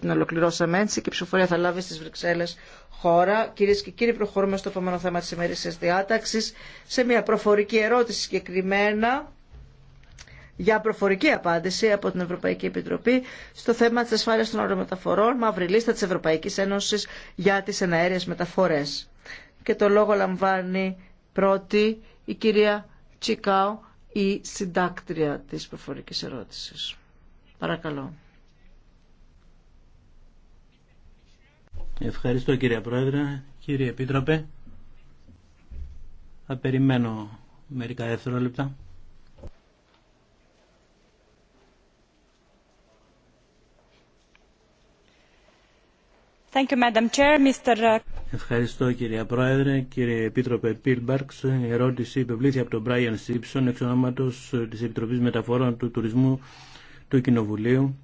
την ολοκληρώσαμε έτσι και η ψηφοφορία θα λάβει στις Βρυξέλλες χώρα. Κυρίε και κύριοι, προχωρούμε στο επόμενο θέμα της ημερήσιας διάταξης σε μια προφορική ερώτηση συγκεκριμένα για προφορική απάντηση από την Ευρωπαϊκή Επιτροπή στο θέμα της ασφάλειας των αερομεταφορών, μαύρη λίστα της Ευρωπαϊκής Ένωσης για τις εναέρειες μεταφορές. Και το λόγο λαμβάνει πρώτη η κυρία Τσικάου, η συντάκτρια της προφορικής ερώτησης. Παρακαλώ. Ευχαριστώ κύριε Πρόεδρε. Κύριε Επίτροπε, θα περιμένω μερικά δευτερόλεπτα. Thank you, Madam Chair. Mr. Uh, Ευχαριστώ κύριε Πρόεδρε, κύριε Επίτροπε Πίλμπαρξ. Η ερώτηση υπευλήθη από τον Brian Simpson εξ ονόματος της Επιτροπής Μεταφορών του Τουρισμού του Κοινοβουλίου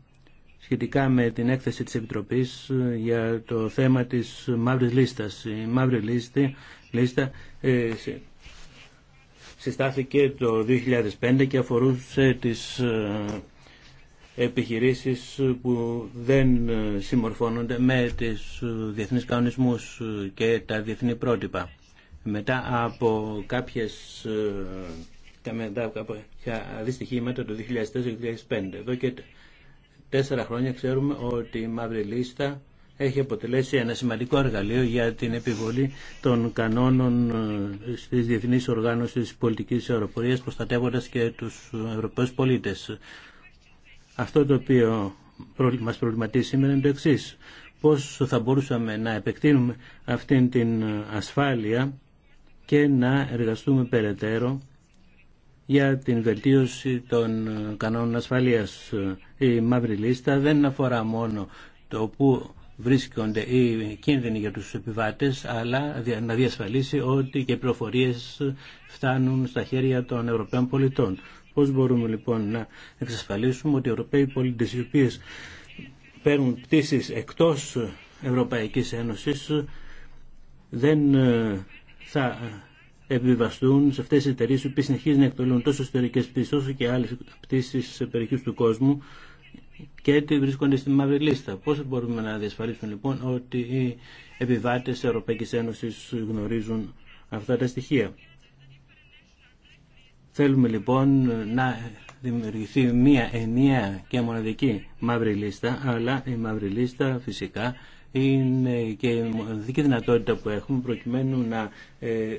σχετικά με την έκθεση της Επιτροπής ε, για το θέμα της μαύρης λίστας. Η μαύρη λίστη, λίστα ε, συστάθηκε το 2005 και αφορούσε τις ε, επιχειρήσεις που δεν συμμορφώνονται με τις διεθνείς κανονισμούς και τα διεθνή πρότυπα. Μετά από κάποιες κάποια δυστυχήματα το 2004-2005. Εδώ τέσσερα χρόνια ξέρουμε ότι η μαύρη λίστα έχει αποτελέσει ένα σημαντικό εργαλείο για την επιβολή των κανόνων ε, στι διεθνεί οργάνωση τη πολιτική αεροπορία, προστατεύοντα και τους Ευρωπαίου πολίτε. Αυτό το οποίο μα προβληματίζει σήμερα είναι το εξή. Πώ θα μπορούσαμε να επεκτείνουμε αυτήν την ασφάλεια και να εργαστούμε περαιτέρω για την βελτίωση των κανόνων ασφαλείας. Η μαύρη λίστα δεν αφορά μόνο το που βρίσκονται οι κίνδυνοι για τους επιβάτες, αλλά να διασφαλίσει ότι και οι πληροφορίες φτάνουν στα χέρια των Ευρωπαίων πολιτών. Πώς μπορούμε λοιπόν να εξασφαλίσουμε ότι οι Ευρωπαίοι πολίτες οι οποίες παίρνουν πτήσεις εκτός Ευρωπαϊκής Ένωσης δεν ε, θα επιβιβαστούν σε αυτές τις εταιρείε που συνεχίζουν να εκτελούν τόσο εσωτερικέ πτήσει όσο και άλλε πτήσει σε περιοχές του κόσμου και έτσι βρίσκονται στη μαύρη λίστα. Πώ μπορούμε να διασφαλίσουμε λοιπόν ότι οι επιβάτε της Ευρωπαϊκής Ένωσης γνωρίζουν αυτά τα στοιχεία. Θέλουμε λοιπόν να δημιουργηθεί μία ενιαία και μοναδική μαύρη λίστα, αλλά η μαύρη λίστα φυσικά είναι και η μοναδική δυνατότητα που έχουμε προκειμένου να ε,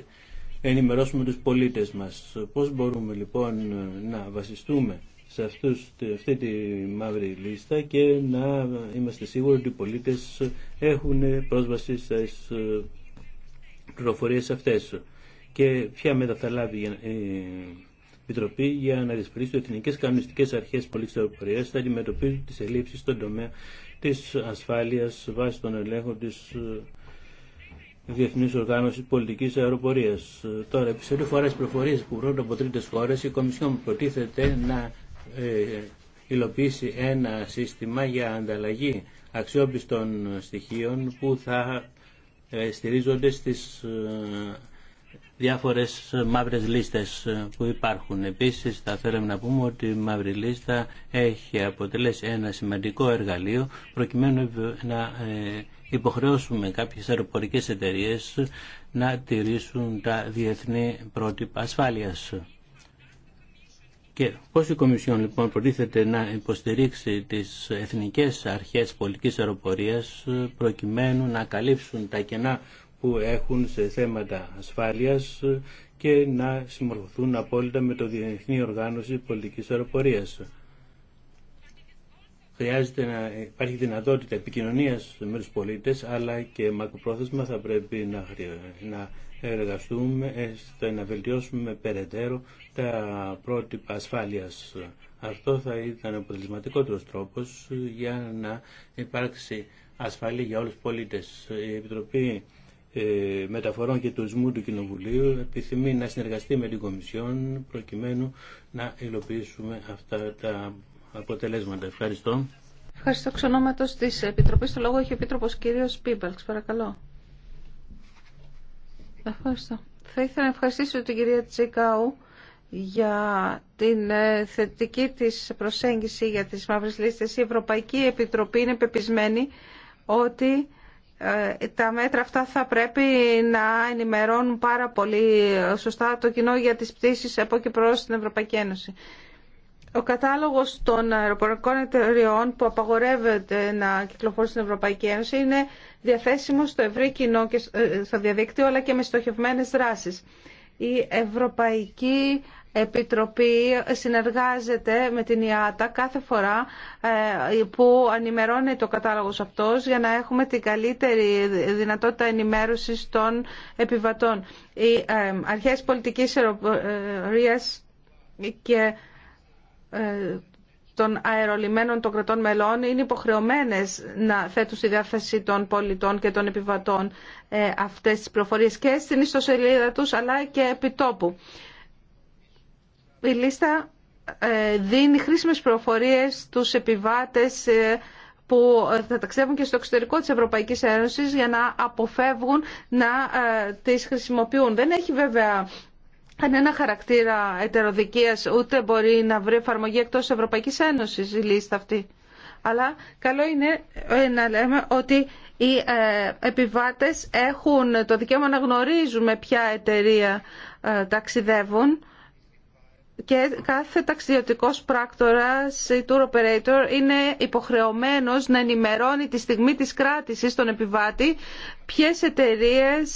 ενημερώσουμε τους πολίτες μας. Πώς μπορούμε λοιπόν να βασιστούμε σε αυτούς, αυτή τη μαύρη λίστα και να είμαστε σίγουροι ότι οι πολίτες έχουν πρόσβαση στις ε, πληροφορίες αυτές και ποια μέτρα θα λάβει η Επιτροπή για να δυσπρίσει ότι οι εθνικές κανονιστικές αρχές θα αντιμετωπίζουν τις ελλείψεις στον τομέα της ασφάλειας βάσει των ελέγχων της ε, Διεθνή Οργάνωση Πολιτικής αεροπορία. Ε, τώρα, επί φορά φορές προφορίες που βρώνουν από τρίτε χώρε, η Κομισιόν προτίθεται να ε, υλοποιήσει ένα σύστημα για ανταλλαγή αξιόπιστων στοιχείων που θα ε, στηρίζονται στις ε, διάφορες μαύρες λίστες ε, που υπάρχουν. Επίσης θα θέλαμε να πούμε ότι η μαύρη λίστα έχει αποτελέσει ένα σημαντικό εργαλείο προκειμένου να υποχρεώσουμε κάποιες αεροπορικές εταιρείες να τηρήσουν τα διεθνή πρότυπα ασφάλειας. Και πώς η Κομισιόν λοιπόν προτίθεται να υποστηρίξει τις εθνικές αρχές πολιτικής αεροπορίας προκειμένου να καλύψουν τα κενά που έχουν σε θέματα ασφάλειας και να συμμορφωθούν απόλυτα με το Διεθνή Οργάνωση Πολιτικής Αεροπορίας. Χρειάζεται να υπάρχει δυνατότητα επικοινωνίας με τους πολίτες, αλλά και μακροπρόθεσμα θα πρέπει να, να εργαστούμε ώστε ε, να βελτιώσουμε περαιτέρω τα πρότυπα ασφάλειας. Αυτό θα ήταν ο αποτελεσματικότερος τρόπος για να υπάρξει ασφάλεια για όλους τους πολίτες. Η Επιτροπή ε, Μεταφορών και Τουρισμού του Κοινοβουλίου επιθυμεί να συνεργαστεί με την Κομισιόν προκειμένου να υλοποιήσουμε αυτά τα αποτελέσματα. Ευχαριστώ. Ευχαριστώ. Ξενόματος της Επιτροπής. Το λόγο έχει ο Επίτροπος κ. Πίμπαλξ. Παρακαλώ. Ευχαριστώ. Θα ήθελα να ευχαριστήσω την κυρία Τσίκαου για την ε, θετική της προσέγγιση για τις μαύρες λίστες. Η Ευρωπαϊκή Επιτροπή είναι πεπισμένη ότι ε, τα μέτρα αυτά θα πρέπει να ενημερώνουν πάρα πολύ σωστά το κοινό για τις πτήσεις από και προς την Ευρωπαϊκή Ένωση. Ο κατάλογος των αεροπορικών εταιριών που απαγορεύεται να κυκλοφορήσει στην Ευρωπαϊκή Ένωση είναι διαθέσιμο στο ευρύ κοινό και ε, στο διαδίκτυο αλλά και με στοχευμένες δράσεις. Η Ευρωπαϊκή Επιτροπή συνεργάζεται με την ΙΑΤΑ κάθε φορά ε, που ανημερώνει το κατάλογος αυτός για να έχουμε την καλύτερη δυνατότητα ενημέρωσης των επιβατών. Οι ε, αρχές πολιτικής αεροπορίας και ε, των αερολιμένων των κρατών μελών είναι υποχρεωμένες να θέτουν στη διάθεση των πολιτών και των επιβατών ε, αυτές τις προφορίες και στην ιστοσελίδα τους αλλά και επί τόπου Η λίστα ε, δίνει χρήσιμες προφορίες στους επιβάτες που θα ταξιδεύουν και στο εξωτερικό της Ευρωπαϊκής Ένωσης για να αποφεύγουν να τις χρησιμοποιούν. Δεν έχει βέβαια κανένα χαρακτήρα ετεροδικίας ούτε μπορεί να βρει εφαρμογή εκτός Ευρωπαϊκής Ένωσης η λίστα αυτή. Αλλά καλό είναι ε, να λέμε ότι οι ε, επιβάτες έχουν το δικαίωμα να γνωρίζουν με ποια εταιρεία ε, ταξιδεύουν και κάθε ταξιδιωτικός πράκτορας ή tour operator είναι υποχρεωμένος να ενημερώνει τη στιγμή της κράτησης στον επιβάτη ποιες εταιρείες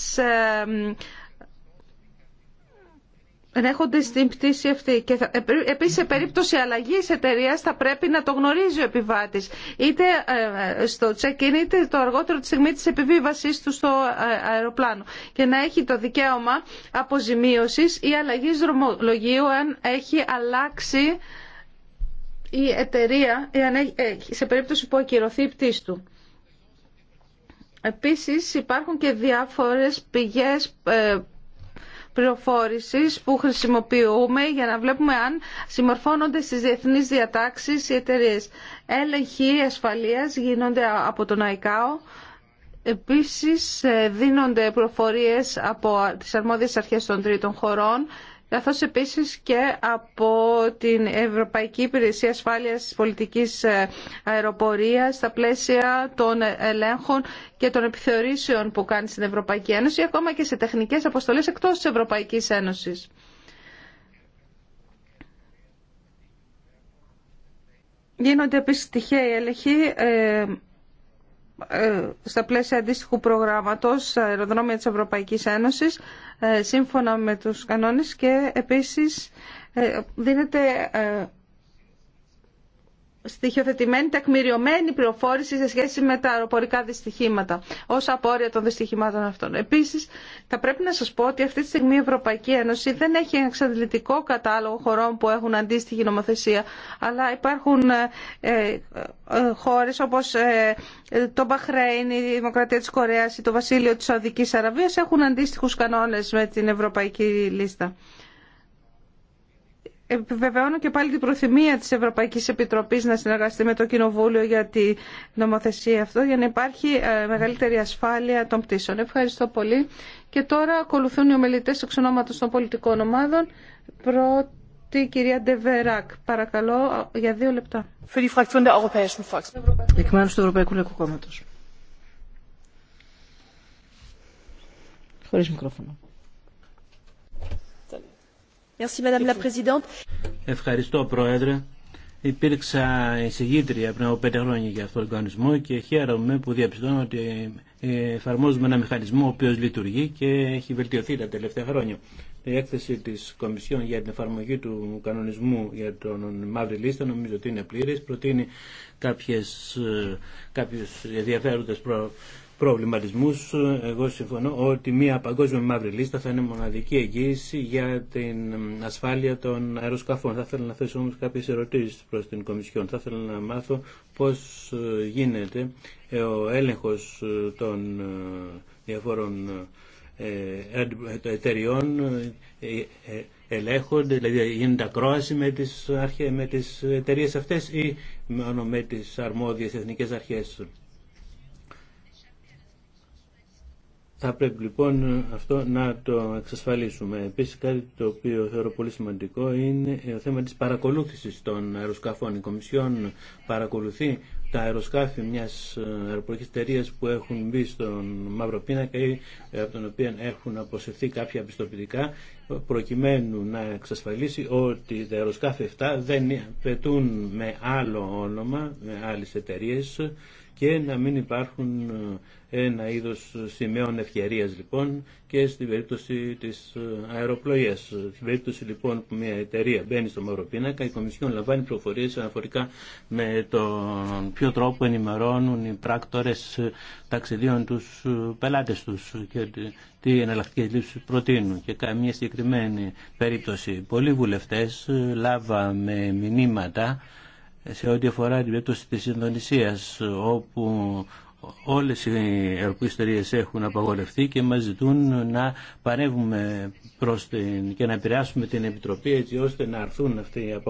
ενέχονται στην πτήση αυτή. Και ε, ε, επίσης σε περίπτωση αλλαγής εταιρεία θα πρέπει να το γνωρίζει ο επιβάτης. Είτε ε, στο check-in είτε το αργότερο τη στιγμή της επιβίβασής του στο αεροπλάνο. Και να έχει το δικαίωμα αποζημίωσης ή αλλαγής δρομολογίου αν έχει αλλάξει η εταιρεία σε περίπτωση που ακυρωθεί η πτήση του. Επίσης υπάρχουν και διάφορες πηγές πληροφόρησης που χρησιμοποιούμε για να βλέπουμε αν συμμορφώνονται στις διεθνείς διατάξεις οι εταιρείε. Έλεγχοι ασφαλείας γίνονται από τον ΑΙΚΑΟ. Επίσης ε, δίνονται προφορίες από τις αρμόδιες αρχές των τρίτων χωρών καθώς επίσης και από την Ευρωπαϊκή Υπηρεσία Ασφάλειας Πολιτικής ε, Αεροπορίας στα πλαίσια των ελέγχων και των επιθεωρήσεων που κάνει στην Ευρωπαϊκή Ένωση, ακόμα και σε τεχνικές αποστολές εκτός της Ευρωπαϊκής Ένωσης. Γίνονται επίσης τυχαίοι έλεγχοι ε, ε, στα πλαίσια αντίστοιχου προγράμματος αεροδρόμια της Ευρωπαϊκής Ένωσης ε, σύμφωνα με τους κανόνες και επίσης ε, δίνεται στοιχειοθετημένη, τεκμηριωμένη πληροφόρηση σε σχέση με τα αεροπορικά δυστυχήματα ω απόρρια των δυστυχημάτων αυτών. Επίση, θα πρέπει να σα πω ότι αυτή τη στιγμή η Ευρωπαϊκή Ένωση δεν έχει εξαντλητικό κατάλογο χωρών που έχουν αντίστοιχη νομοθεσία, αλλά υπάρχουν ε, ε, ε χώρε όπω ε, το Μπαχρέιν, η Δημοκρατία τη Κορέα ή το Βασίλειο τη Σαουδική Αραβία έχουν αντίστοιχου κανόνε με την Ευρωπαϊκή Λίστα. Επιβεβαιώνω και πάλι την προθυμία της Ευρωπαϊκής Επιτροπής να συνεργαστεί με το Κοινοβούλιο για τη νομοθεσία αυτό, για να υπάρχει ε, μεγαλύτερη ασφάλεια των πτήσεων. Ευχαριστώ πολύ. Και τώρα ακολουθούν οι ομιλητές εξ ονόματος των πολιτικών ομάδων. Πρώτη κυρία Ντεβεράκ, παρακαλώ, για δύο λεπτά. Εκ μέρους του Ευρωπαϊκού Λαϊκού Κόμματος. Χωρίς μικρόφωνο. Ευχαριστώ, Πρόεδρε. Υπήρξα εισηγήτρια πριν από πέντε χρόνια για αυτόν τον κανονισμό και χαίρομαι που διαπιστώνω ότι ε, εφαρμόζουμε ένα μηχανισμό ο οποίος λειτουργεί και έχει βελτιωθεί τα τελευταία χρόνια. Η έκθεση της Κομισιόν για την εφαρμογή του κανονισμού για τον Μαύρη Λίστα νομίζω ότι είναι πλήρη. Προτείνει κάποιες, ε, ενδιαφέροντε προ, προβληματισμούς, εγώ συμφωνώ ότι μια παγκόσμια μαύρη λίστα θα είναι μοναδική εγγύηση για την ασφάλεια των αεροσκαφών. Θα ήθελα να θέσω όμως κάποιες ερωτήσεις προς την Κομισιόν. Θα ήθελα να μάθω πώς γίνεται ο έλεγχος των ε, διαφόρων ε, εταιριών ε, ελέγχονται, δηλαδή γίνεται ακρόαση με τις, αρχές, με τις εταιρείες αυτές ή μόνο με τις αρμόδιες εθνικές αρχές. Θα πρέπει λοιπόν αυτό να το εξασφαλίσουμε. Επίσης κάτι το οποίο θεωρώ πολύ σημαντικό είναι το θέμα της παρακολούθησης των αεροσκαφών. Η Κομισιόν παρακολουθεί τα αεροσκάφη μιας αεροπορικής εταιρεία που έχουν μπει στον μαύρο πίνακα ή από τον οποίο έχουν αποσυρθεί κάποια πιστοποιητικά προκειμένου να εξασφαλίσει ότι τα αεροσκάφη αυτά δεν πετούν με άλλο όνομα, με άλλες εταιρείε και να μην υπάρχουν ε, ένα είδος σημαίων ευκαιρίας λοιπόν και στην περίπτωση της ε, αεροπλοείας. Στην περίπτωση λοιπόν που μια εταιρεία μπαίνει στο Πίνακα, η Κομισιόν λαμβάνει πληροφορίε αναφορικά με τον ποιο τρόπο ενημερώνουν οι πράκτορες ε, ταξιδίων τους πελάτες τους και τι εναλλακτικές λύσεις προτείνουν και καμία συγκεκριμένη περίπτωση. Πολλοί βουλευτές λάβαμε μηνύματα σε ό,τι αφορά την περίπτωση της Ινδονησίας όπου όλες οι εταιρείες έχουν απαγορευτεί και μας ζητούν να παρεύουμε προς την, και να επηρεάσουμε την Επιτροπή έτσι ώστε να αρθούν αυτοί οι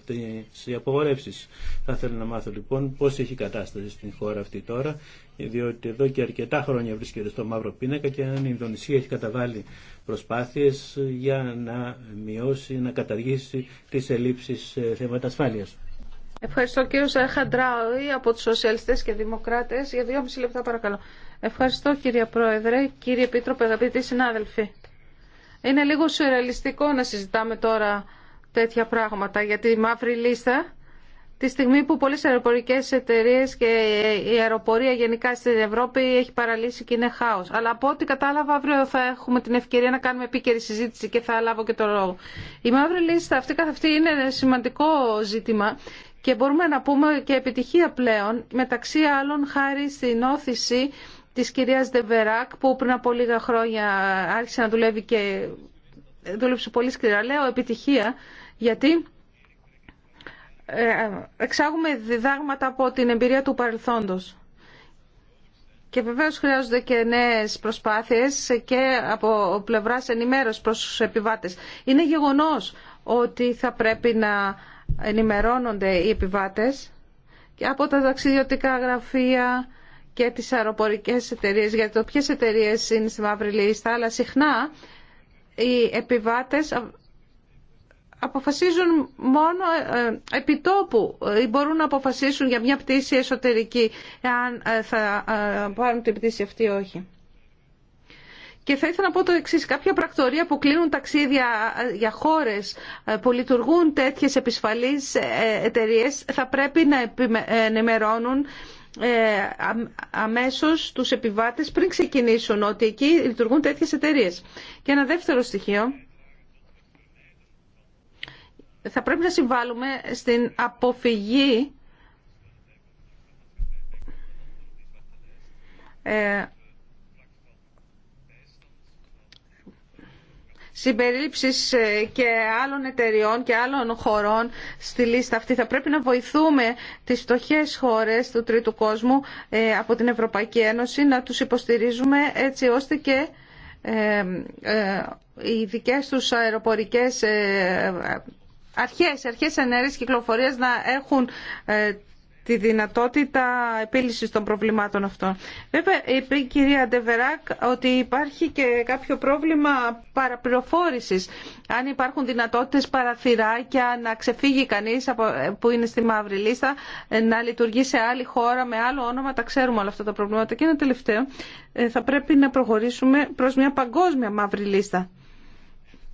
αυτές οι απαγορεύσεις. Θα ήθελα να μάθω λοιπόν πώς έχει κατάσταση στην χώρα αυτή τώρα διότι εδώ και αρκετά χρόνια βρίσκεται στο μαύρο πίνακα και αν η Ινδονησία έχει καταβάλει προσπάθειες για να μειώσει, να καταργήσει τις ελλείψεις θέματα ασφάλειας. Ευχαριστώ κύριο Σαχαντράουι από τους Σοσιαλιστές και Δημοκράτες. Για δύο μισή λεπτά παρακαλώ. Ευχαριστώ κύριε Πρόεδρε, κύριε Επίτροπε, αγαπητοί συνάδελφοι. Είναι λίγο σουρεαλιστικό να συζητάμε τώρα τέτοια πράγματα για τη μαύρη λίστα τη στιγμή που πολλές αεροπορικές εταιρείες και η αεροπορία γενικά στην Ευρώπη έχει παραλύσει και είναι χάος. Αλλά από ό,τι κατάλαβα αύριο θα έχουμε την ευκαιρία να κάνουμε επίκαιρη συζήτηση και θα λάβω και το λόγο. Η μαύρη λίστα αυτή καθ' αυτή είναι σημαντικό ζήτημα και μπορούμε να πούμε και επιτυχία πλέον μεταξύ άλλων χάρη στην όθηση της κυρίας Δεβεράκ που πριν από λίγα χρόνια άρχισε να δουλεύει και δούλεψε πολύ σκληρά. Λέω επιτυχία γιατί ε, εξάγουμε διδάγματα από την εμπειρία του παρελθόντος. Και βεβαίως χρειάζονται και νέες προσπάθειες και από πλευράς ενημέρωσης προς τους επιβάτες. Είναι γεγονός ότι θα πρέπει να ενημερώνονται οι επιβάτες και από τα ταξιδιωτικά γραφεία και τις αεροπορικές εταιρείες, γιατί το ποιες εταιρείες είναι στη Μαύρη Λίστα, αλλά συχνά οι επιβάτες αποφασίζουν μόνο ε, επιτόπου ε, ή μπορούν να αποφασίσουν για μια πτήση εσωτερική αν ε, θα πάρουν την πτήση αυτή ή όχι. Και θα ήθελα να πω το εξής. Κάποια πρακτορία που κλείνουν ταξίδια για χώρες που λειτουργούν τέτοιε επισφαλείς εταιρείε θα πρέπει να ενημερώνουν αμέσως τους επιβάτες πριν ξεκινήσουν ότι εκεί λειτουργούν τέτοιες εταιρείες. Και ένα δεύτερο στοιχείο θα πρέπει να συμβάλλουμε στην αποφυγή ε, συμπερίληψης ε, και άλλων εταιριών και άλλων χωρών στη λίστα αυτή. Θα πρέπει να βοηθούμε τις φτωχές χώρες του τρίτου κόσμου ε, από την Ευρωπαϊκή Ένωση να τους υποστηρίζουμε έτσι ώστε και οι δικές τους αεροπορικές αρχές, αρχές ενέργειας κυκλοφορίας να έχουν ε, τη δυνατότητα επίλυσης των προβλημάτων αυτών. Βέβαια, είπε η κυρία Ντεβεράκ ότι υπάρχει και κάποιο πρόβλημα παραπληροφόρησης. Αν υπάρχουν δυνατότητες παραθυράκια να ξεφύγει κανείς από, ε, που είναι στη μαύρη λίστα, ε, να λειτουργεί σε άλλη χώρα με άλλο όνομα, τα ξέρουμε όλα αυτά τα προβλήματα. Και ένα τελευταίο, θα πρέπει να προχωρήσουμε προς μια παγκόσμια μαύρη λίστα.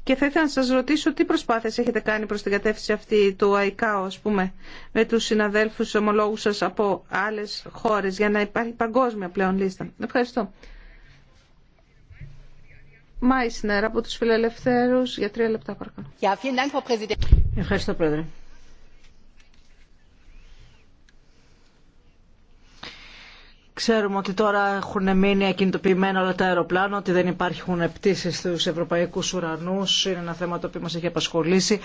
Και θα ήθελα να σας ρωτήσω τι προσπάθειες έχετε κάνει προς την κατεύθυνση αυτή του ΑΙΚΑΟ, ας πούμε, με τους συναδέλφους ομολόγους σας από άλλες χώρες, για να υπάρχει παγκόσμια πλέον λίστα. Ευχαριστώ. Μάισνερ από τους φιλελευθέρους για τρία λεπτά παρακαλώ. Ευχαριστώ, Πρόεδρε. Ξέρουμε ότι τώρα έχουν μείνει ακινητοποιημένα όλα τα αεροπλάνα, ότι δεν υπάρχουν πτήσει στου ευρωπαϊκού ουρανού. Είναι ένα θέμα το οποίο μα έχει απασχολήσει.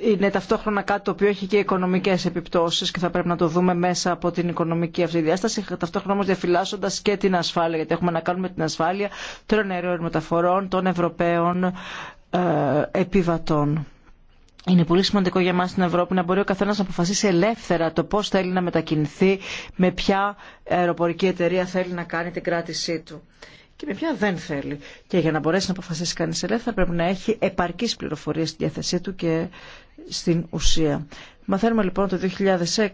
Είναι ταυτόχρονα κάτι το οποίο έχει και οικονομικέ επιπτώσει και θα πρέπει να το δούμε μέσα από την οικονομική αυτή διάσταση. Ταυτόχρονα όμω διαφυλάσσοντα και την ασφάλεια, γιατί έχουμε να κάνουμε την ασφάλεια των αερίων μεταφορών των Ευρωπαίων ε, επιβατών. Είναι πολύ σημαντικό για μας στην Ευρώπη να μπορεί ο καθένας να αποφασίσει ελεύθερα το πώς θέλει να μετακινηθεί, με ποια αεροπορική εταιρεία θέλει να κάνει την κράτησή του και με ποια δεν θέλει. Και για να μπορέσει να αποφασίσει κανείς ελεύθερα πρέπει να έχει επαρκείς πληροφορίες στη διάθεσή του και στην ουσία. Μαθαίνουμε λοιπόν το 2006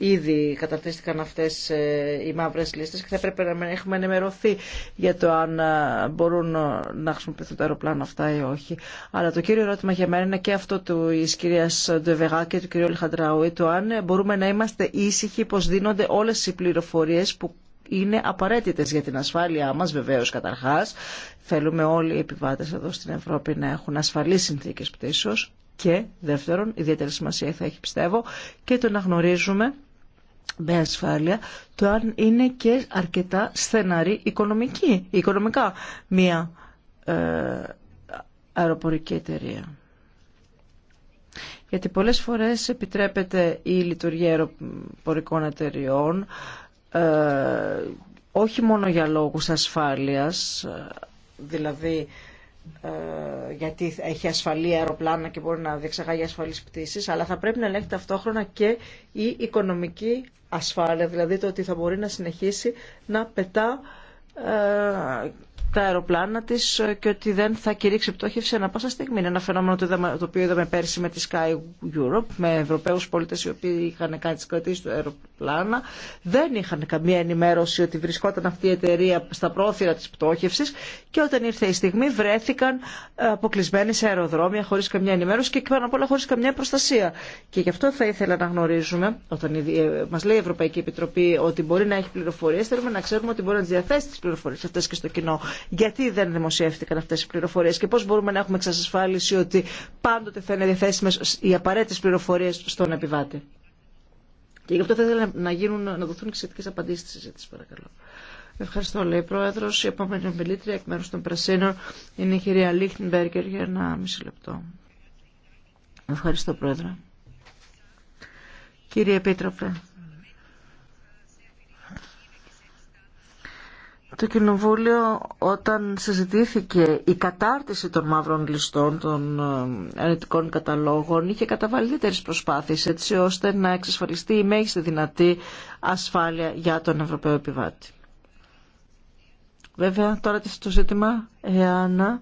Ήδη καταρτίστηκαν αυτές ε, οι μαύρες λίστες και θα έπρεπε να έχουμε ενημερωθεί για το αν ε, μπορούν ε, να χρησιμοποιηθούν τα αεροπλάνα αυτά ή όχι. Αλλά το κύριο ερώτημα για μένα είναι και αυτό του τη κυρία Ντεβεγά και του κυρίου Λιχαντράου. το αν μπορούμε να είμαστε ήσυχοι πως δίνονται όλες οι πληροφορίες που είναι απαραίτητε για την ασφάλειά μα βεβαίω καταρχά. Θέλουμε όλοι οι επιβάτε εδώ στην Ευρώπη να έχουν ασφαλείς συνθήκε πτήσεω. και δεύτερον, ιδιαίτερη σημασία θα έχει πιστεύω, και το να γνωρίζουμε με ασφάλεια το αν είναι και αρκετά στεναρή οικονομική, οικονομικά μία ε, αεροπορική εταιρεία. Γιατί πολλές φορές επιτρέπεται η λειτουργία αεροπορικών εταιριών ε, όχι μόνο για λόγους ασφάλειας, ε, δηλαδή ε, γιατί έχει ασφαλή αεροπλάνα και μπορεί να διεξαγάγει ασφαλείς πτήσεις, αλλά θα πρέπει να ελέγχει ταυτόχρονα και η οικονομική ασφάλεια, δηλαδή το ότι θα μπορεί να συνεχίσει να πετά ε, τα αεροπλάνα τη και ότι δεν θα κηρύξει πτώχευση ανα πάσα στιγμή. Είναι ένα φαινόμενο το οποίο είδαμε πέρσι με τη Sky Europe, με Ευρωπαίου πολιτέ οι οποίοι είχαν κάνει τι κρατήσει του αεροπλάνα. Δεν είχαν καμία ενημέρωση ότι βρισκόταν αυτή η εταιρεία στα πρόθυρα τη πτώχευση και όταν ήρθε η στιγμή βρέθηκαν ε, αποκλεισμένοι σε αεροδρόμια χωρί καμιά ενημέρωση και πάνω απ' όλα χωρί καμιά προστασία. Και γι' αυτό θα ήθελα να γνωρίζουμε, όταν ε, μα λέει η Ευρωπαϊκή Επιτροπή ότι μπορεί να έχει πληροφορίε, θέλουμε να ξέρουμε ότι μπορεί να διαθέσει τι πληροφορίε αυτέ και στο κοινό γιατί δεν δημοσιεύτηκαν αυτέ οι πληροφορίε και πώ μπορούμε να έχουμε εξασφάλιση ότι πάντοτε θα είναι διαθέσιμες οι απαραίτητε πληροφορίε στον επιβάτη. Και γι' αυτό θα ήθελα να, γίνουν, να δοθούν και σχετικέ απαντήσει στη συζήτηση, παρακαλώ. Ευχαριστώ, λέει πρόεδρο. Η επόμενη ομιλήτρια εκ μέρου των Πρασίνων είναι η κυρία Λίχτενμπεργκερ για ένα μισή λεπτό. Ευχαριστώ, πρόεδρε. Κύριε Επίτροπε, το Κοινοβούλιο όταν συζητήθηκε η κατάρτιση των μαύρων ληστών, των ε, αρνητικών καταλόγων, είχε καταβάλει προσπάθειες έτσι ώστε να εξασφαλιστεί η μέγιστη δυνατή ασφάλεια για τον Ευρωπαίο επιβάτη. Βέβαια, τώρα το ζήτημα, εάν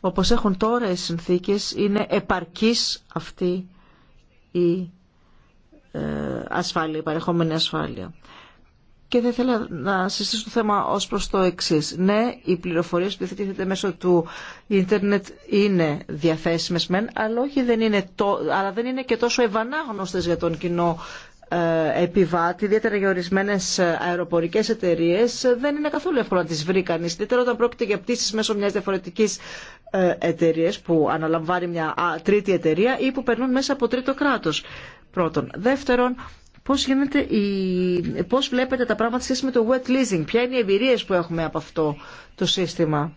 όπως έχουν τώρα οι συνθήκες, είναι επαρκής αυτή η ε, ασφάλεια, η παρεχόμενη ασφάλεια. Και θα ήθελα να συστήσω το θέμα ως προς το εξής. Ναι, οι πληροφορίες που διαθέτεται μέσω του ίντερνετ είναι διαθέσιμες μεν, αλλά, όχι δεν είναι αλλά δεν είναι και τόσο ευανάγνωστες για τον κοινό ε, επιβάτη, ιδιαίτερα για ορισμένε αεροπορικέ εταιρείε, δεν είναι καθόλου εύκολο να τι βρει κανεί. Ιδιαίτερα όταν πρόκειται για πτήσει μέσω μια διαφορετική ε, εταιρεία που αναλαμβάνει μια τρίτη εταιρεία ή που περνούν μέσα από τρίτο κράτο. Πρώτον. Δεύτερον, Πώς, γίνεται η... πώς βλέπετε τα πράγματα σχέση με το wet leasing, ποια είναι οι εμπειρίε που έχουμε από αυτό το σύστημα.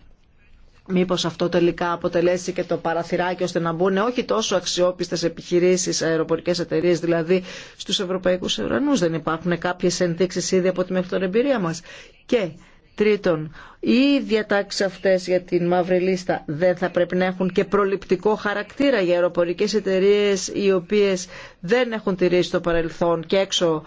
Μήπως αυτό τελικά αποτελέσει και το παραθυράκι ώστε να μπουν όχι τόσο αξιόπιστες επιχειρήσεις, αεροπορικές εταιρείες δηλαδή στους ευρωπαϊκούς ουρανούς. Δεν υπάρχουν κάποιες ενδείξεις ήδη από τη μέχρι τώρα εμπειρία μας. Και Τρίτον, οι διατάξει αυτέ για την μαύρη λίστα δεν θα πρέπει να έχουν και προληπτικό χαρακτήρα για αεροπορικέ εταιρείε οι οποίε δεν έχουν τηρήσει το παρελθόν και έξω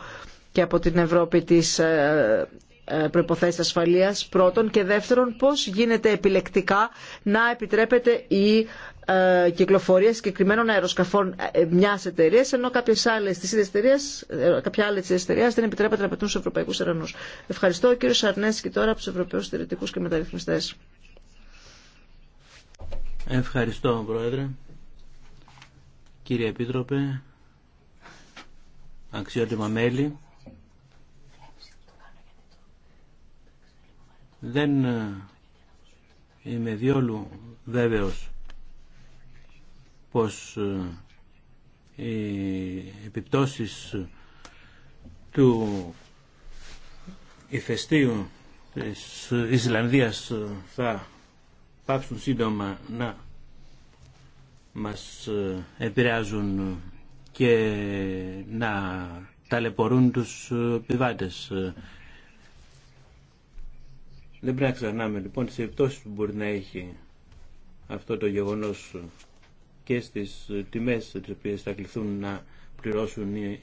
και από την Ευρώπη τι ε, ε, προποθέσει ασφαλεία. Πρώτον και δεύτερον, πώς γίνεται επιλεκτικά να επιτρέπεται η ε, κυκλοφορία συγκεκριμένων αεροσκαφών ε, μια εταιρεία, ενώ κάποιες άλλες της ίδιας εταιρείας, ε, κάποια άλλη τη εταιρεία δεν επιτρέπεται να πετούν στου ευρωπαϊκού ουρανού. Ευχαριστώ, κύριο Σαρνέσκι, τώρα από του Ευρωπαίου Στερετικού και Μεταρρυθμιστέ. Ευχαριστώ, Πρόεδρε. Κύριε Επίτροπε, αξιότιμα μέλη, δεν είμαι διόλου βέβαιος πως ε, οι επιπτώσεις του ηφαιστείου της Ισλανδίας θα πάψουν σύντομα να μας ε, επηρεάζουν και να ταλαιπωρούν τους ε, πιβάτες. Δεν πρέπει να ξεχνάμε λοιπόν τις επιπτώσεις που μπορεί να έχει αυτό το γεγονός και στις ε, τιμές τις οποίες θα κληθούν να πληρώσουν οι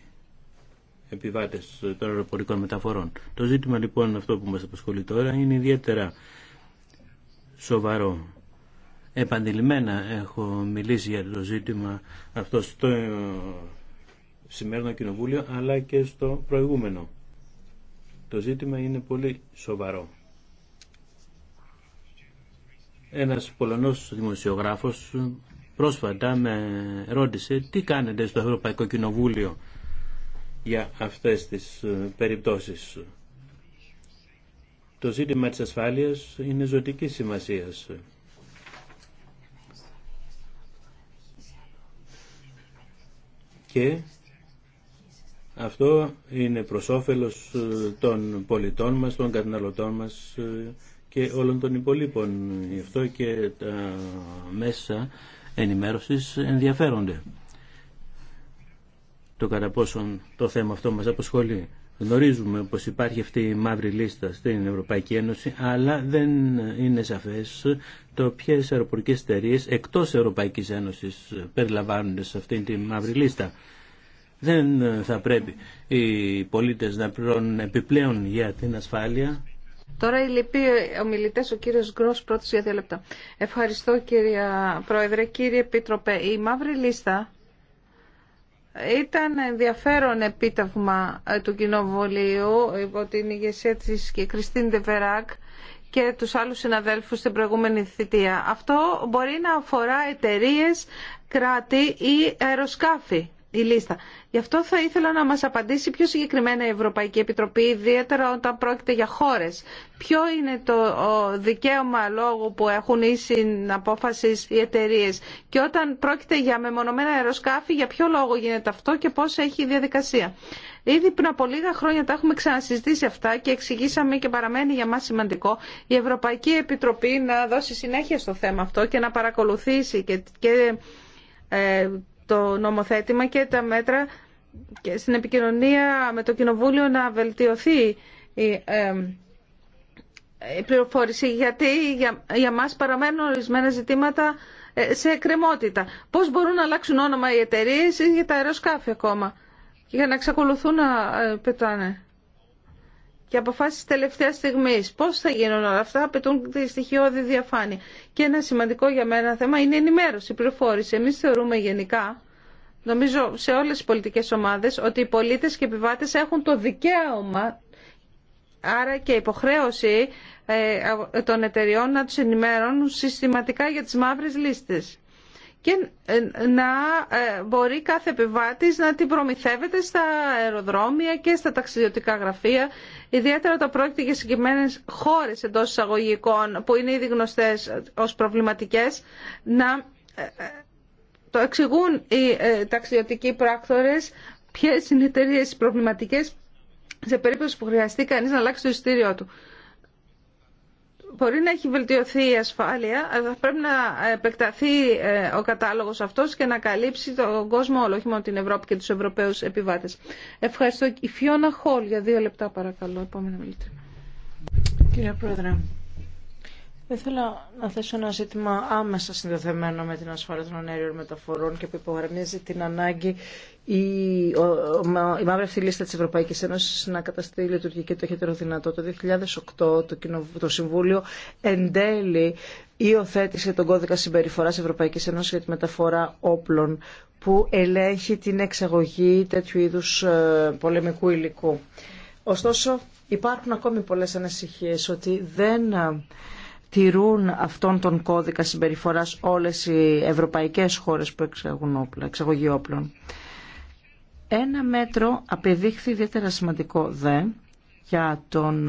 επιβάτες ε, των αεροπορικών μεταφορών. Το ζήτημα λοιπόν αυτό που μας απασχολεί τώρα είναι ιδιαίτερα σοβαρό. Επαντηλημένα έχω μιλήσει για το ζήτημα αυτό στο ε, σημερινό κοινοβούλιο αλλά και στο προηγούμενο. Το ζήτημα είναι πολύ σοβαρό. Ένας Πολωνός δημοσιογράφος πρόσφατα με ρώτησε τι κάνετε στο Ευρωπαϊκό Κοινοβούλιο για αυτές τις ε, περιπτώσεις. Το ζήτημα της ασφάλειας είναι ζωτική σημασίας. Και αυτό είναι προς όφελος ε, των πολιτών μας, των καταναλωτών μας ε, και όλων των υπολείπων. Γι' αυτό και τα μέσα ενημέρωσης ενδιαφέρονται το κατά πόσον το θέμα αυτό μας αποσχολεί. Γνωρίζουμε πως υπάρχει αυτή η μαύρη λίστα στην Ευρωπαϊκή Ένωση, αλλά δεν είναι σαφές το ποιες αεροπορικές εταιρείε εκτός Ευρωπαϊκής Ένωσης περιλαμβάνονται σε αυτή τη μαύρη λίστα. Δεν θα πρέπει οι πολίτες να πληρώνουν επιπλέον για την ασφάλεια Τώρα οι λοιποί ομιλητές, ο κύριος Γκρός, πρώτος για δύο λεπτά. Ευχαριστώ κύριε Πρόεδρε, κύριε Επίτροπε. Η μαύρη λίστα ήταν ενδιαφέρον επίταγμα ε, του Κοινοβουλίου υπό την ηγεσία της και Κριστίν Ντεβεράκ και τους άλλους συναδέλφους στην προηγούμενη θητεία. Αυτό μπορεί να αφορά εταιρείε, κράτη ή αεροσκάφη η λίστα. Γι' αυτό θα ήθελα να μας απαντήσει πιο συγκεκριμένα η Ευρωπαϊκή Επιτροπή, ιδιαίτερα όταν πρόκειται για χώρες. Ποιο είναι το δικαίωμα λόγου που έχουν οι συναπόφαση οι εταιρείε. και όταν πρόκειται για μεμονωμένα αεροσκάφη, για ποιο λόγο γίνεται αυτό και πώς έχει η διαδικασία. Ήδη πριν από λίγα χρόνια τα έχουμε ξανασυζητήσει αυτά και εξηγήσαμε και παραμένει για μας σημαντικό η Ευρωπαϊκή Επιτροπή να δώσει συνέχεια στο θέμα αυτό και να παρακολουθήσει και ε, το νομοθέτημα και τα μέτρα και στην επικοινωνία με το Κοινοβούλιο να βελτιωθεί η, ε, η πληροφόρηση γιατί για, για μας παραμένουν ορισμένα ζητήματα ε, σε κρεμότητα. Πώς μπορούν να αλλάξουν όνομα οι εταιρείε ή για τα αεροσκάφη ακόμα για να εξακολουθούν να ε, πετάνε και αποφάσεις τελευταία στιγμής. Πώς θα γίνουν όλα αυτά, απαιτούν τη στοιχειώδη διαφάνεια. Και ένα σημαντικό για μένα θέμα είναι η ενημέρωση, η πληροφόρηση. Εμείς θεωρούμε γενικά, νομίζω σε όλες τις πολιτικές ομάδες, ότι οι πολίτες και οι επιβάτες έχουν το δικαίωμα, άρα και υποχρέωση ε, των εταιριών να τους ενημερώνουν συστηματικά για τις μαύρες λίστες και ε, να ε, μπορεί κάθε επιβάτης να την προμηθεύεται στα αεροδρόμια και στα ταξιδιωτικά γραφεία, ιδιαίτερα όταν πρόκειται για συγκεκριμένε χώρες εντός εισαγωγικών που είναι ήδη γνωστές ως προβληματικές, να ε, το εξηγούν οι ταξιδιωτικοί πράκτορες ποιες είναι οι εταιρείε προβληματικές σε περίπτωση που χρειαστεί κανείς να αλλάξει το εισιτήριό του. Μπορεί να έχει βελτιωθεί η ασφάλεια, αλλά θα πρέπει να επεκταθεί ε, ο κατάλογος αυτός και να καλύψει τον κόσμο όλο, όχι μόνο την Ευρώπη και τους Ευρωπαίους επιβάτες. Ευχαριστώ. Η Φιώνα Χόλ για δύο λεπτά παρακαλώ, επόμενη μιλήτρια. Κύριε Πρόεδρε, θα ήθελα να θέσω ένα ζήτημα άμεσα συνδεδεμένο με την ασφάλεια των αέριων μεταφορών και που υπογραμμίζει την ανάγκη η, ο, ο, η μαύρη αυτή λίστα τη Ευρωπαϊκή Ένωση να καταστεί λειτουργική το χέτερο δυνατό. Το 2008 το, το Συμβούλιο εν τέλει υιοθέτησε τον κώδικα συμπεριφοράς Ευρωπαϊκή Ένωση για τη μεταφορά όπλων που ελέγχει την εξαγωγή τέτοιου είδους ε, πολεμικού υλικού. Ωστόσο υπάρχουν ακόμη πολλέ ανησυχίε ότι δεν τηρούν αυτόν τον κώδικα συμπεριφοράς όλες οι ευρωπαϊκές χώρες που εξαγούν όπλα, εξαγωγή όπλων. Ένα μέτρο απεδείχθη ιδιαίτερα σημαντικό δε για τον,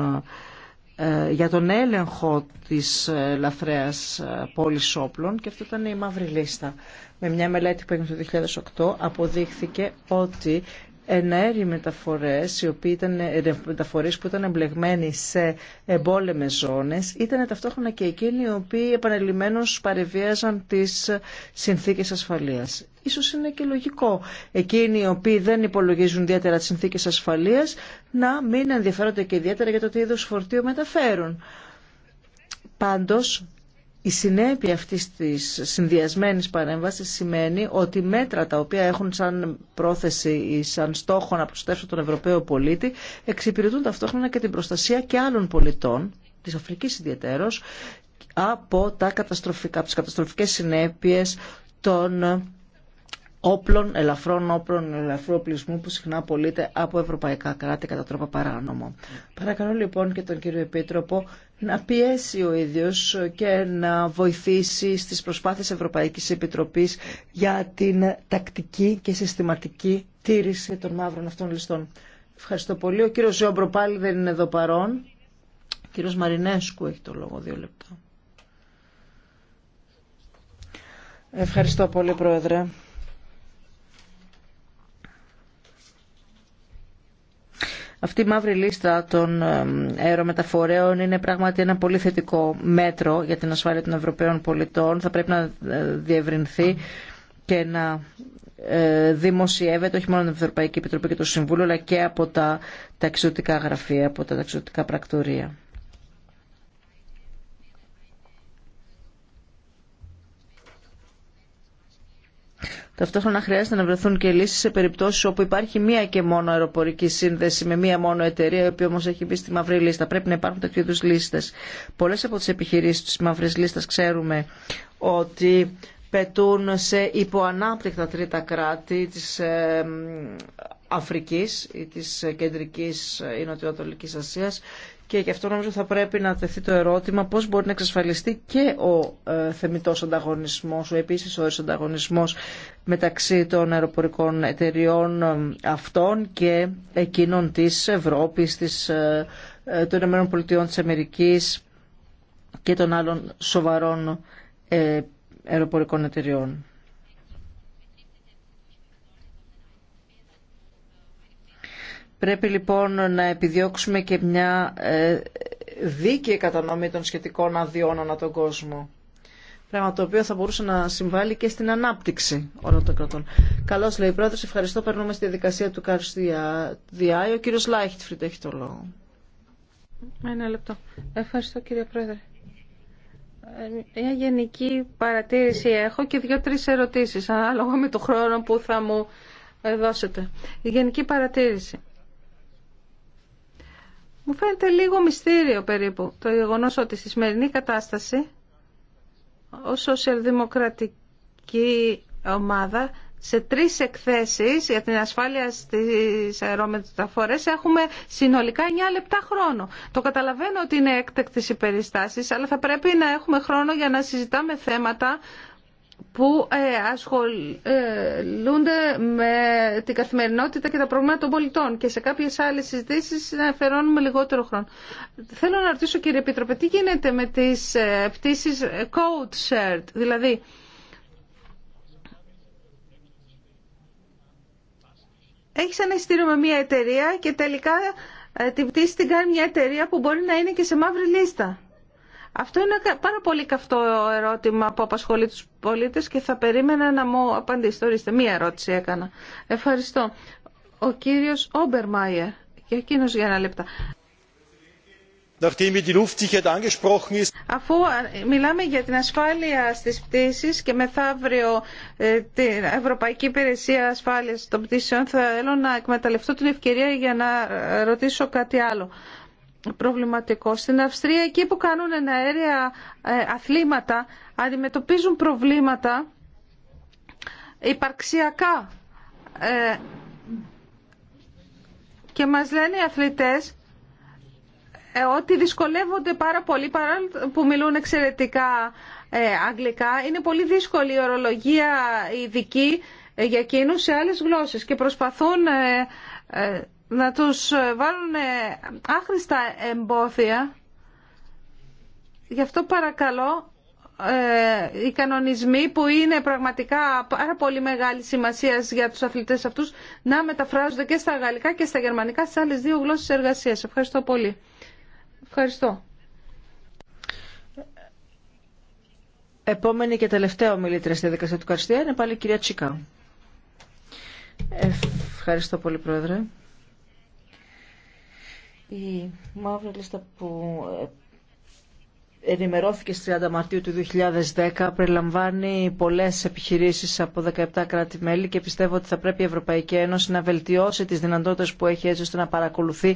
ε, για τον έλεγχο της ε, λαθρέας ε, πόλης όπλων και αυτό ήταν η μαύρη λίστα. Με μια μελέτη που έγινε το 2008 αποδείχθηκε ότι ενέργειες μεταφορές, οι οποίοι ήταν ε, μεταφορές που ήταν εμπλεγμένοι σε εμπόλεμες ζώνες, ήταν ταυτόχρονα και εκείνοι οι οποίοι επανελειμμένως παρεβίαζαν τις συνθήκες ασφαλείας. Ίσως είναι και λογικό εκείνοι οι οποίοι δεν υπολογίζουν ιδιαίτερα τις συνθήκες ασφαλείας να μην ενδιαφέρονται και ιδιαίτερα για το τι φορτίο μεταφέρουν. Πάντως η συνέπεια αυτής της συνδυασμένης παρέμβασης σημαίνει ότι μέτρα τα οποία έχουν σαν πρόθεση ή σαν στόχο να προστατεύσουν τον Ευρωπαίο πολίτη εξυπηρετούν ταυτόχρονα και την προστασία και άλλων πολιτών, της Αφρικής ιδιαίτερως, από, τα καταστροφικά, από τις καταστροφικές συνέπειες των όπλων, ελαφρών όπλων, ελαφρού οπλισμού που συχνά πωλείται από ευρωπαϊκά κράτη κατά τρόπο παράνομο. Παρακαλώ λοιπόν και τον κύριο Επίτροπο να πιέσει ο ίδιος και να βοηθήσει στις προσπάθειες Ευρωπαϊκής Επιτροπής για την τακτική και συστηματική τήρηση των μαύρων αυτών ληστών. Ευχαριστώ πολύ. Ο κύριος Ζιόμπρο πάλι δεν είναι εδώ παρόν. Ο κύριος Μαρινέσκου έχει το λόγο δύο λεπτά. Ευχαριστώ πολύ, Πρόεδρε. Αυτή η μαύρη λίστα των αερομεταφορέων είναι πράγματι ένα πολύ θετικό μέτρο για την ασφάλεια των Ευρωπαίων πολιτών. Θα πρέπει να ε, διευρυνθεί και να ε, δημοσιεύεται όχι μόνο από την Ευρωπαϊκή Επιτροπή και το Συμβούλιο αλλά και από τα ταξιδιωτικά γραφεία, από τα ταξιδιωτικά πρακτορία. Ταυτόχρονα χρειάζεται να βρεθούν και λύσει σε περιπτώσει όπου υπάρχει μία και μόνο αεροπορική σύνδεση με μία μόνο εταιρεία, η οποία όμω έχει μπει στη μαύρη λίστα. Πρέπει να υπάρχουν τέτοιου είδου λίστε. Πολλέ από τι επιχειρήσει τη μαύρη λίστα ξέρουμε ότι πετούν σε υποανάπτυκτα τρίτα κράτη της ε, Αφρικής ή της Κεντρικής ή Ασίας και γι' αυτό νομίζω θα πρέπει να τεθεί το ερώτημα πώς μπορεί να εξασφαλιστεί και ο ε, θεμητός ανταγωνισμός, ο επίσης ο ανταγωνισμός μεταξύ των αεροπορικών εταιριών ε, αυτών και εκείνων της Ευρώπης, ε, ε, των Ηνωμένων Πολιτειών της Αμερικής και των άλλων σοβαρών ε, αεροπορικών εταιριών. Πρέπει λοιπόν να επιδιώξουμε και μια ε, δίκαιη κατανομή των σχετικών αδειών ανά τον κόσμο. Πράγμα το οποίο θα μπορούσε να συμβάλλει και στην ανάπτυξη όλων των κρατών. Καλώ λέει η πρόεδρο, ευχαριστώ. Περνούμε στη δικασία του Καρστία Διάη. Ο κύριο Λάιχτφριντ έχει το λόγο. Ένα λεπτό. Ευχαριστώ κύριε πρόεδρε. Ε, μια γενική παρατήρηση έχω και δυο τρει ερωτήσει ανάλογα με το χρόνο που θα μου ε, δώσετε. Η γενική παρατήρηση. Μου φαίνεται λίγο μυστήριο περίπου το γεγονός ότι στη σημερινή κατάσταση ως σοσιαλδημοκρατική ομάδα σε τρεις εκθέσεις για την ασφάλεια στις αερόμεταφορές έχουμε συνολικά 9 λεπτά χρόνο. Το καταλαβαίνω ότι είναι έκτακτες οι περιστάσεις, αλλά θα πρέπει να έχουμε χρόνο για να συζητάμε θέματα που ε, ασχολούνται ε, με την καθημερινότητα και τα προβλήματα των πολιτών και σε κάποιες άλλες συζητήσεις να αφαιρώνουμε λιγότερο χρόνο. Θέλω να ρωτήσω κύριε Επίτροπε, τι γίνεται με τις ε, πτήσεις code shared, δηλαδή έχεις ένα με μια εταιρεία και τελικά την πτήση την κάνει μια εταιρεία που μπορεί να είναι και σε μαύρη λίστα. Αυτό είναι πάρα πολύ καυτό ερώτημα που απασχολεί τους πολίτες και θα περίμενα να μου απαντήσετε. Ορίστε, μία ερώτηση έκανα. Ευχαριστώ. Ο κύριος Όμπερ Μάιερ και εκείνο για ένα λεπτά. Αφού μιλάμε για την ασφάλεια στις πτήσεις και μεθαύριο ε, την Ευρωπαϊκή Υπηρεσία Ασφάλειας των Πτήσεων θα θέλω να εκμεταλλευτώ την ευκαιρία για να ε, ρωτήσω κάτι άλλο προβληματικό. Στην Αυστρία, εκεί που κάνουν αέρια ε, αθλήματα, αντιμετωπίζουν προβλήματα υπαρξιακά. Ε, και μας λένε οι αθλητές ε, ότι δυσκολεύονται πάρα πολύ, παρά που μιλούν εξαιρετικά αγγλικά, είναι πολύ δύσκολη η ορολογία ειδική για εκείνους σε άλλες γλώσσες και προσπαθούν να τους ε, βάλουν ε, άχρηστα εμπόδια. Γι' αυτό παρακαλώ ε, οι κανονισμοί που είναι πραγματικά πάρα πολύ μεγάλη σημασία για τους αθλητές αυτούς να μεταφράζονται και στα γαλλικά και στα γερμανικά στις άλλες δύο γλώσσες εργασίας. Ευχαριστώ πολύ. Ευχαριστώ. Επόμενη και τελευταία ομιλήτρια στη δικασία του Καρστία είναι πάλι η κυρία Τσίκα. Ευχαριστώ πολύ, Πρόεδρε. Η μαύρη λίστα που ε, ενημερώθηκε στις 30 Μαρτίου του 2010 περιλαμβάνει πολλές επιχειρήσεις από 17 κράτη-μέλη και πιστεύω ότι θα πρέπει η Ευρωπαϊκή Ένωση να βελτιώσει τις δυνατότητες που έχει έτσι ώστε να παρακολουθεί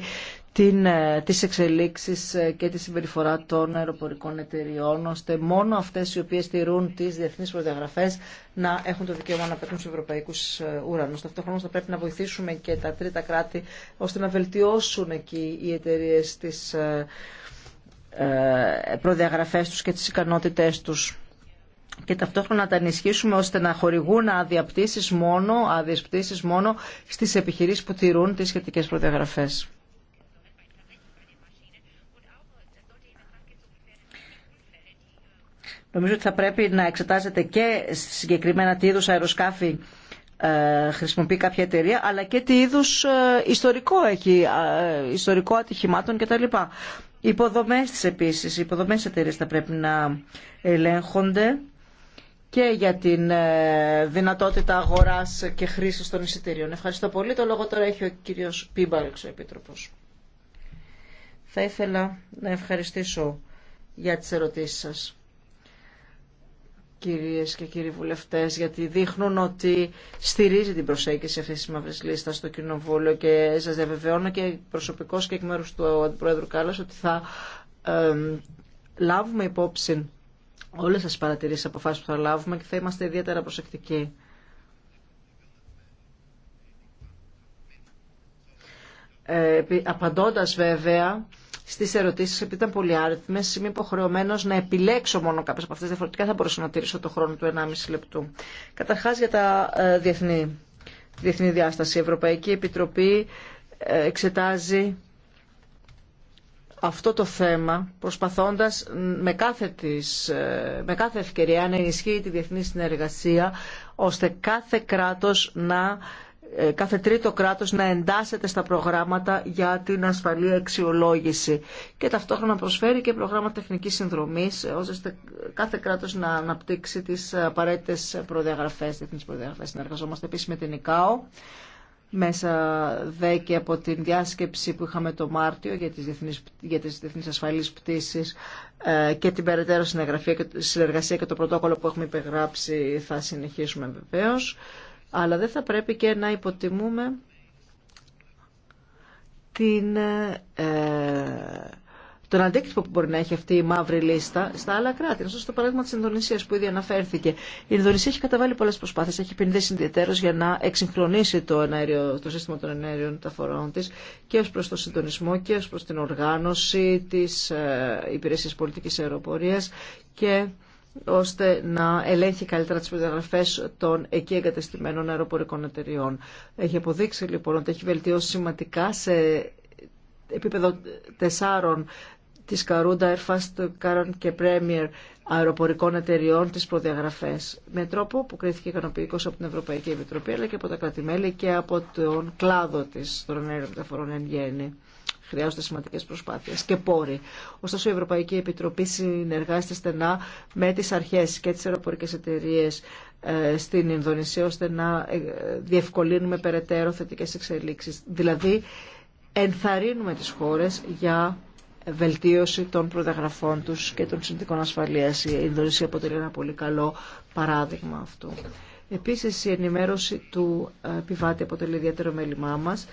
την, ε, τις εξελίξεις ε, και τη συμπεριφορά των αεροπορικών εταιριών, ώστε μόνο αυτές οι οποίες τηρούν τις διεθνείς προδιαγραφές να έχουν το δικαίωμα να πετούν στους ευρωπαϊκούς ε, ουρανούς. Ταυτόχρονα θα πρέπει να βοηθήσουμε και τα τρίτα κράτη, ώστε να βελτιώσουν εκεί οι εταιρείε τις προδιαγραφές τους και τις ικανότητές τους και ταυτόχρονα να τα ενισχύσουμε ώστε να χορηγούν άδεια μόνο, μόνο στις επιχειρήσεις που τηρούν τις σχετικές προδιαγραφές. Νομίζω ότι θα πρέπει να εξετάζεται και συγκεκριμένα τι είδους αεροσκάφη ε, χρησιμοποιεί κάποια εταιρεία, αλλά και τι είδους ε, ιστορικό έχει, ε, ιστορικό ατυχημάτων κτλ. Οι υποδομές της επίσης, οι υποδομές της θα πρέπει να ελέγχονται και για την δυνατότητα αγοράς και χρήσης των εισιτήριων. Ευχαριστώ πολύ. Το λόγο τώρα έχει ο κύριος Πίμπαρεξ, ο Επίτροπος. Θα ήθελα να ευχαριστήσω για τις ερωτήσεις σας κυρίες και κύριοι βουλευτές γιατί δείχνουν ότι στηρίζει την προσέγγιση αυτής της μαύρης λίστας στο Κοινοβούλιο και σας διαβεβαιώνω και προσωπικώς και εκ μέρους του Αντιπρόεδρου Κάλλας ότι θα λάβουμε υπόψη όλες τις παρατηρήσεις αποφάσεις που θα λάβουμε και θα είμαστε ιδιαίτερα προσεκτικοί. Ε, απαντώντας βέβαια στις ερωτήσεις, επειδή ήταν πολύ άριθμες, είμαι υποχρεωμένο να επιλέξω μόνο κάποιε από αυτές, διαφορετικά θα μπορούσα να τηρήσω το χρόνο του 1,5 λεπτού. Καταρχά για τα ε, διεθνή, διεθνή διάσταση. Η Ευρωπαϊκή Επιτροπή ε, εξετάζει αυτό το θέμα προσπαθώντας με κάθε, ε, με κάθε ευκαιρία να ενισχύει τη διεθνή συνεργασία ώστε κάθε κράτος να ε, κάθε τρίτο κράτος να εντάσσεται στα προγράμματα για την ασφαλή αξιολόγηση και ταυτόχρονα προσφέρει και προγράμματα τεχνικής συνδρομής ε, ώστε κάθε κράτος να αναπτύξει τις απαραίτητες προδιαγραφές, διεθνείς προδιαγραφές. Συνεργαζόμαστε επίσης με την ΙΚΑΟ μέσα δε και από την διάσκεψη που είχαμε το Μάρτιο για τις διεθνείς, για τις διεθνείς ασφαλείς πτήσεις ε, και την περαιτέρω συνεργασία και το πρωτόκολλο που έχουμε υπεγράψει θα συνεχίσουμε βεβαίως αλλά δεν θα πρέπει και να υποτιμούμε την, ε, ε, τον αντίκτυπο που μπορεί να έχει αυτή η μαύρη λίστα στα άλλα κράτη. Να σα το παράδειγμα τη Ινδονησία που ήδη αναφέρθηκε. Η Ινδονησία έχει καταβάλει πολλέ προσπάθειε, έχει επενδύσει ιδιαίτερω για να εξυγχρονίσει το, το σύστημα των ενέργειων μεταφορών τη και ω προ το συντονισμό και ω προ την οργάνωση τη ε, υπηρεσία πολιτική αεροπορία και ώστε να ελέγχει καλύτερα τις προδιαγραφές των εκεί εγκατεστημένων αεροπορικών εταιριών. Έχει αποδείξει λοιπόν ότι έχει βελτιώσει σημαντικά σε επίπεδο τεσσάρων της Καρούντα, Airfast, Caron και Premier αεροπορικών εταιριών τις προδιαγραφές με τρόπο που κρίθηκε ικανοποιητικός από την Ευρωπαϊκή Επιτροπή αλλά και από τα κρατημέλη και από τον κλάδο της των αερομεταφορών εν γέννη χρειάζονται σημαντικές προσπάθειες και πόροι. Ωστόσο η Ευρωπαϊκή Επιτροπή συνεργάζεται στενά με τις αρχές και τις αεροπορικές εταιρείε ε, στην Ινδονησία ώστε να ε, διευκολύνουμε περαιτέρω θετικές εξελίξεις. Δηλαδή ενθαρρύνουμε τις χώρες για βελτίωση των προδιαγραφών τους και των συνθήκων ασφαλείας. Η Ινδονησία αποτελεί ένα πολύ καλό παράδειγμα αυτού. Επίσης η ενημέρωση του ε, επιβάτη αποτελεί ιδιαίτερο μέλημά μας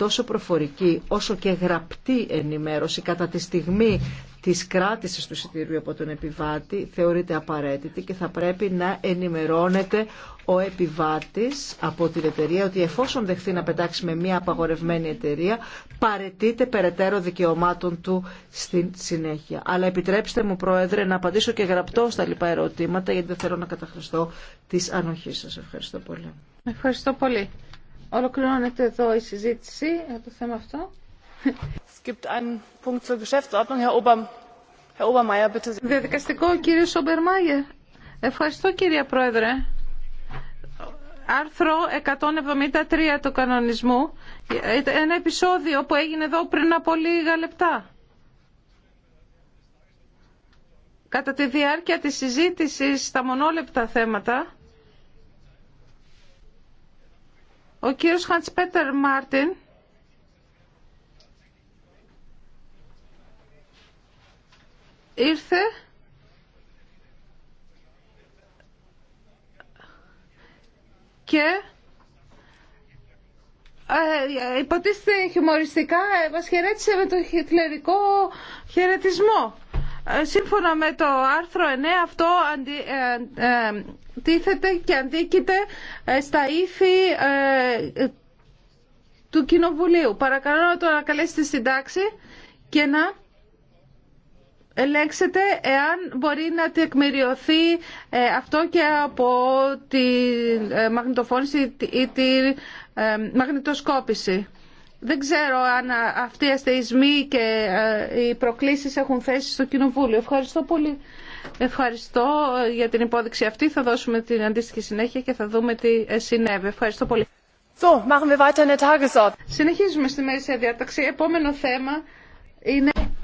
τόσο προφορική όσο και γραπτή ενημέρωση κατά τη στιγμή της κράτησης του εισιτηρίου από τον επιβάτη θεωρείται απαραίτητη και θα πρέπει να ενημερώνεται ο επιβάτης από την εταιρεία ότι εφόσον δεχθεί να πετάξει με μια απαγορευμένη εταιρεία παρετείται περαιτέρω δικαιωμάτων του στην συνέχεια. Αλλά επιτρέψτε μου Πρόεδρε να απαντήσω και γραπτό στα λοιπά ερωτήματα γιατί δεν θέλω να καταχρηστώ της ανοχή σας. Ευχαριστώ πολύ. Ευχαριστώ πολύ. Ολοκληρώνεται εδώ η συζήτηση για το θέμα αυτό. Διαδικαστικό, κύριε Σομπερμάγερ. Ευχαριστώ, κύριε Πρόεδρε. Άρθρο 173 του κανονισμού. Ένα επεισόδιο που έγινε εδώ πριν από λίγα λεπτά. Κατά τη διάρκεια της συζήτησης στα μονόλεπτα θέματα, Ο κύριος Χαντς Πέτερ Μάρτιν ήρθε και ε, υποτίθεται χιουμοριστικά ε, μας χαιρέτησε με τον χιτλερικό χαιρετισμό. Ε, σύμφωνα με το άρθρο 9 αυτό αντι, ε, ε, τίθεται και αντίκειται στα ήθη του Κοινοβουλίου. Παρακαλώ να το ανακαλέσετε στην τάξη και να ελέγξετε εάν μπορεί να τεκμηριωθεί αυτό και από τη μαγνητοφώνηση ή τη μαγνητοσκόπηση. Δεν ξέρω αν αυτοί οι αστεισμοί και οι προκλήσεις έχουν θέσει στο Κοινοβούλιο. Ευχαριστώ πολύ. Ευχαριστώ ε, για την υπόδειξη αυτή. Θα δώσουμε την αντίστοιχη συνέχεια και θα δούμε τι ε, συνέβη. Ευχαριστώ πολύ. So, machen wir weiter in der Tagesordnung. Συνεχίζουμε στη μέση διάταξη. Επόμενο θέμα είναι...